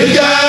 Hey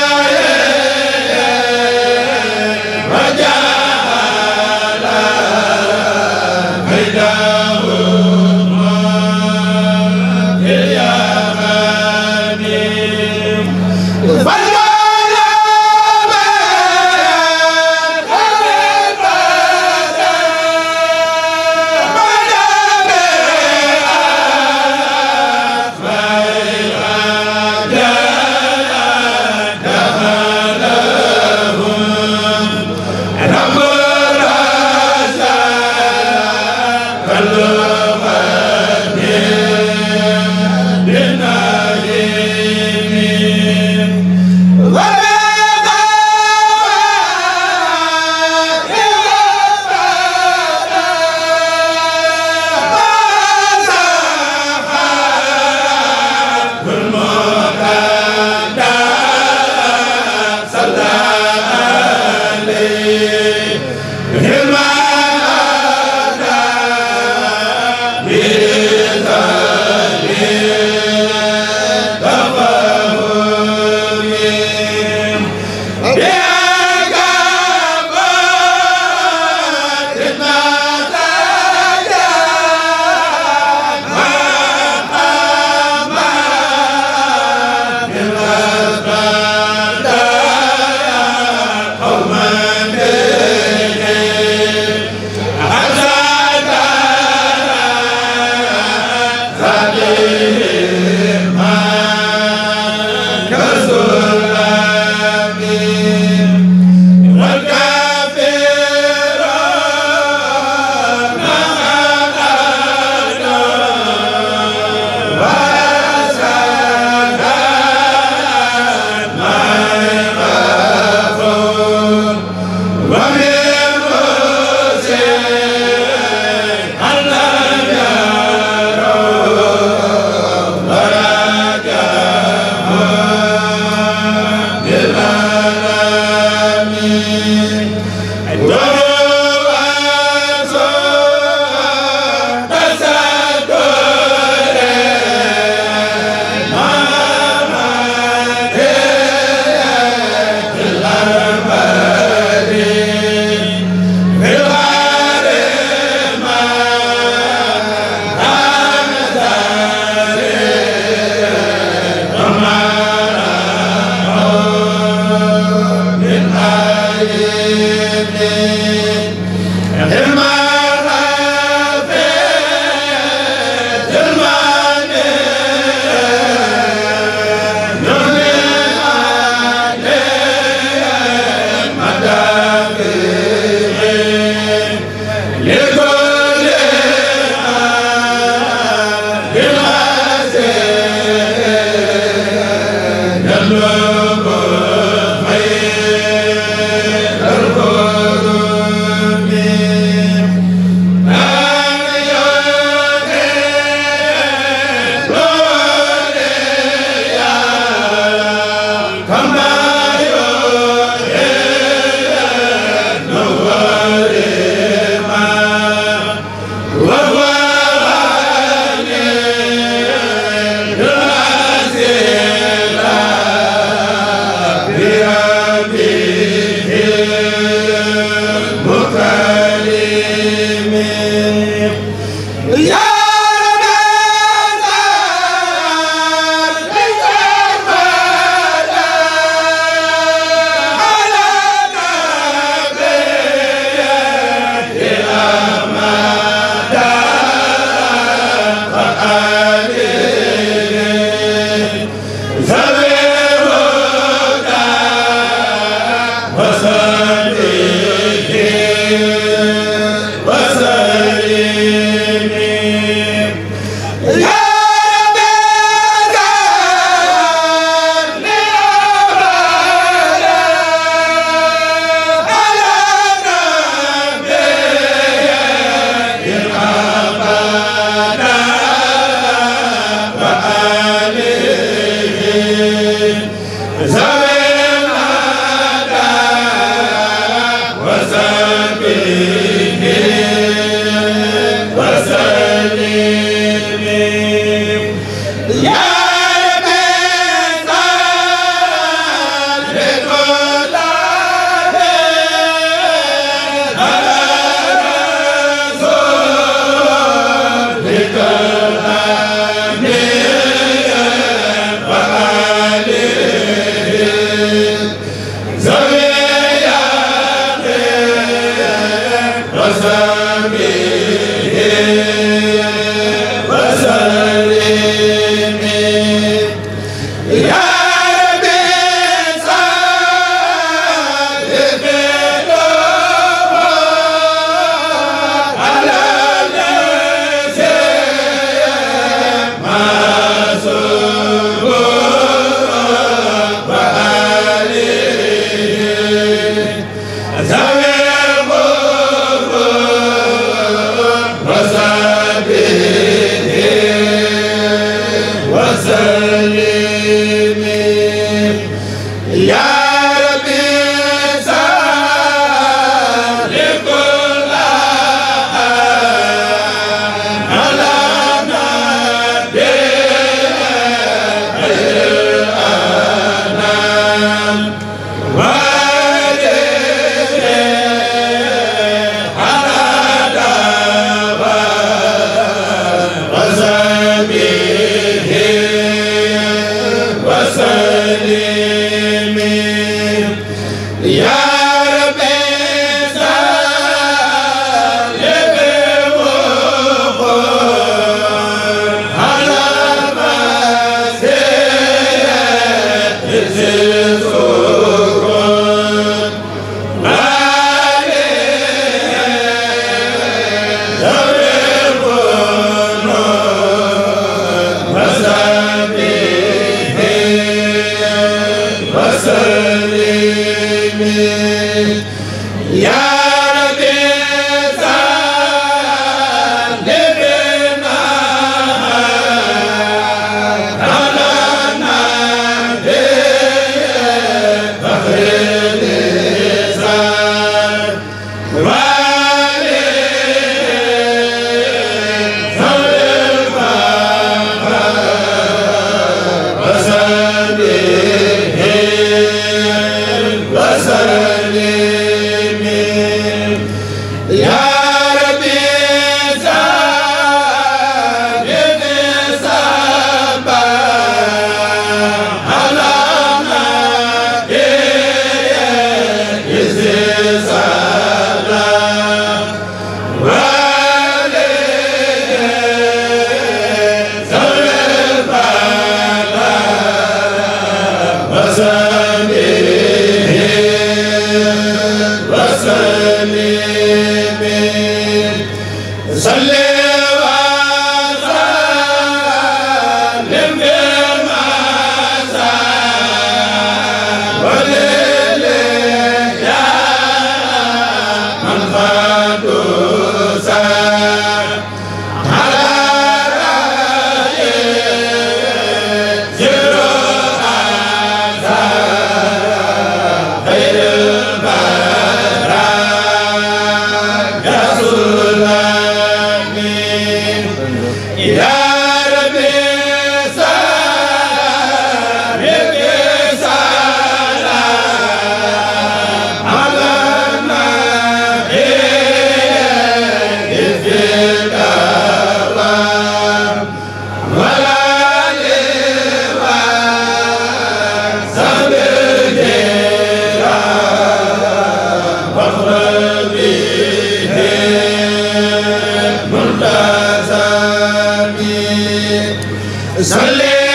salli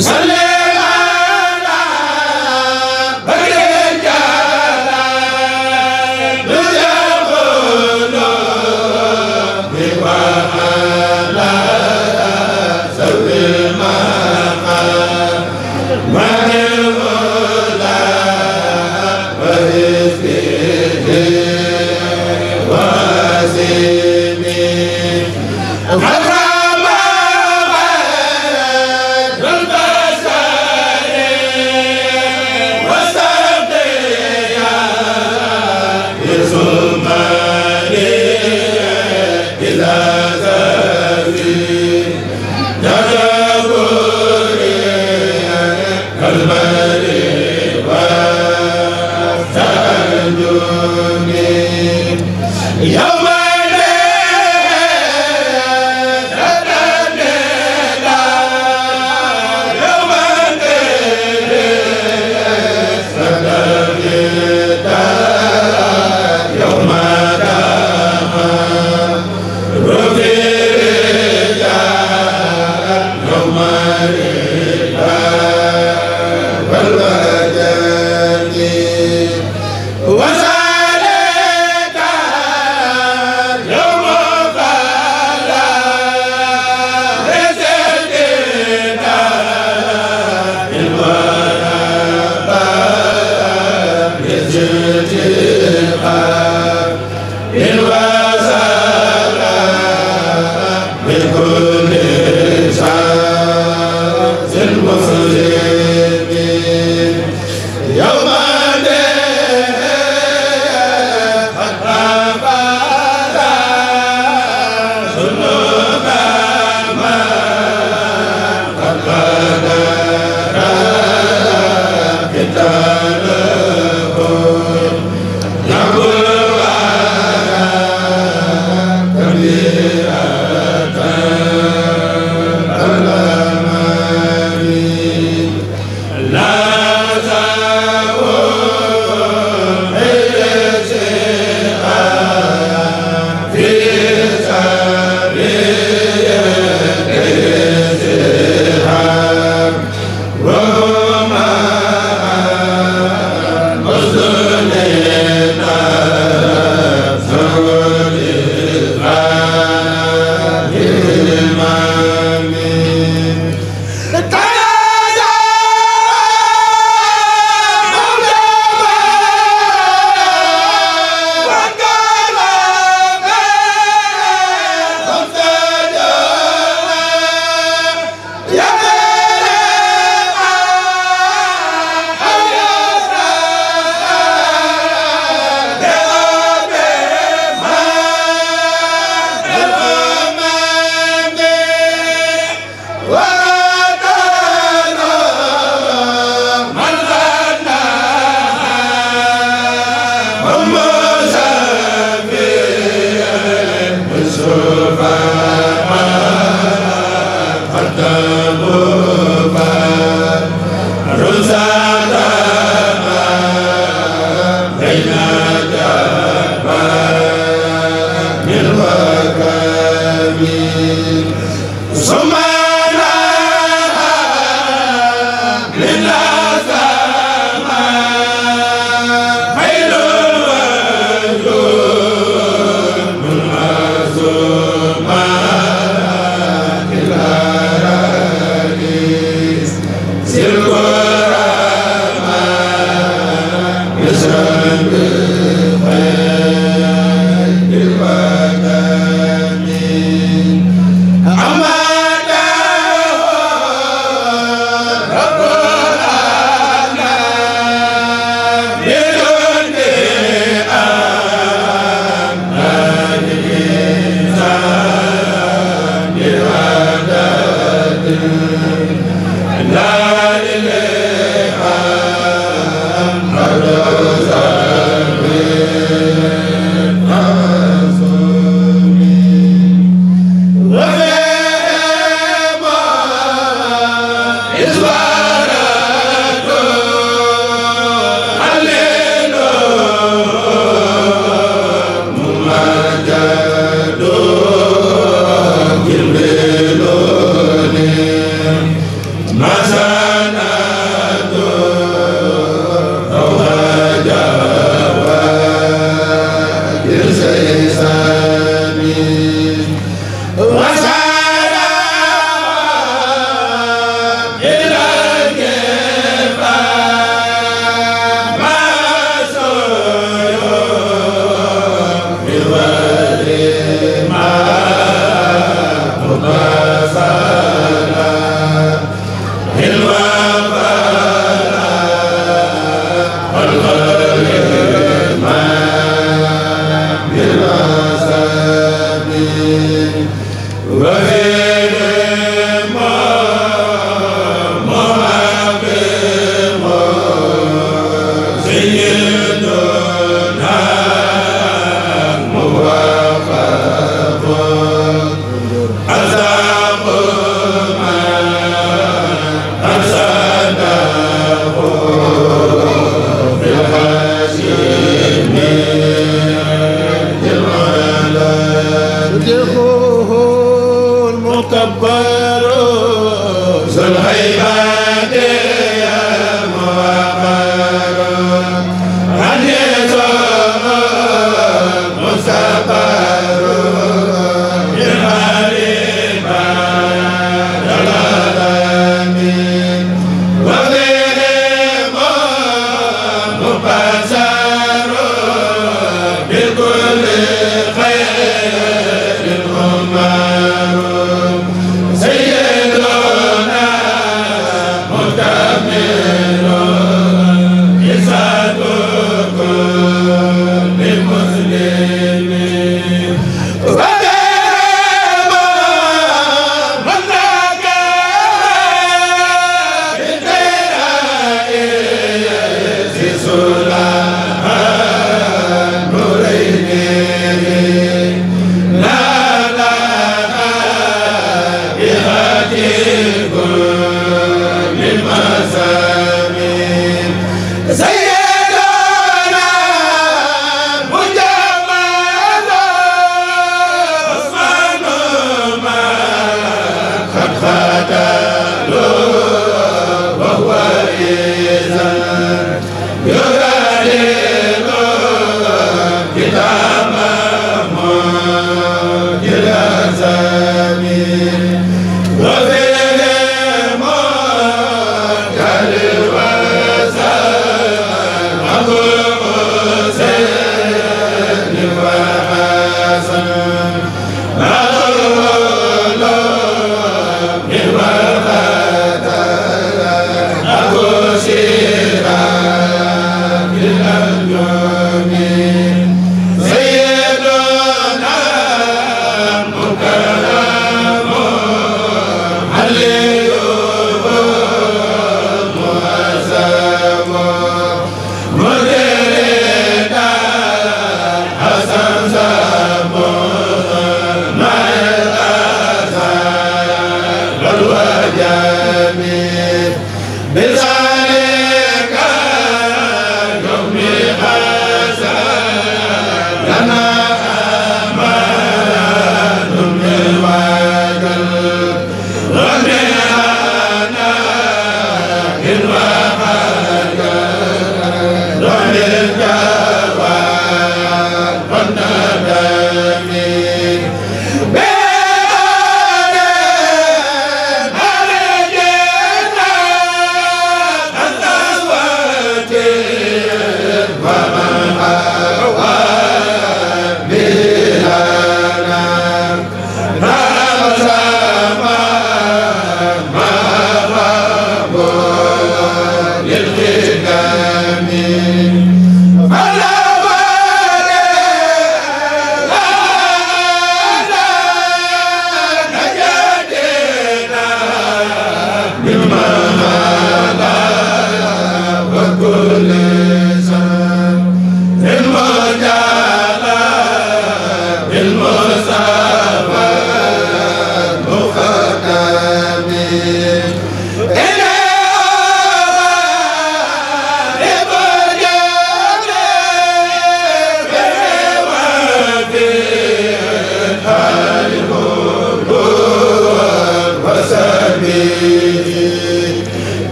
Zale yaa